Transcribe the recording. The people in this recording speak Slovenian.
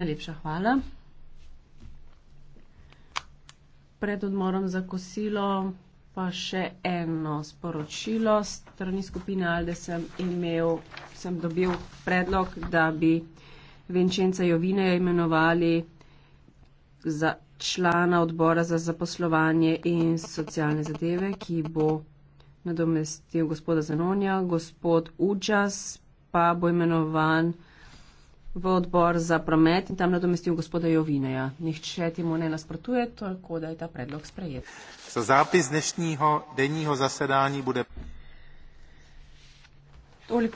Najlepša hvala. Pred odmorom za kosilo pa še eno sporočilo. Strani skupine Alde sem, imel, sem dobil predlog, da bi Venčenca Jovine imenovali za člana odbora za zaposlovanje in socialne zadeve, ki bo nadomestil gospoda Zanonja. Gospod Učas pa bo imenovan v odbor za promet in tam nadomestil gospoda Jovineja. Nihče temu ne nasprotuje, tako da je ta predlog sprejet. Za zapis dnešního denního zasedání bude. Toliko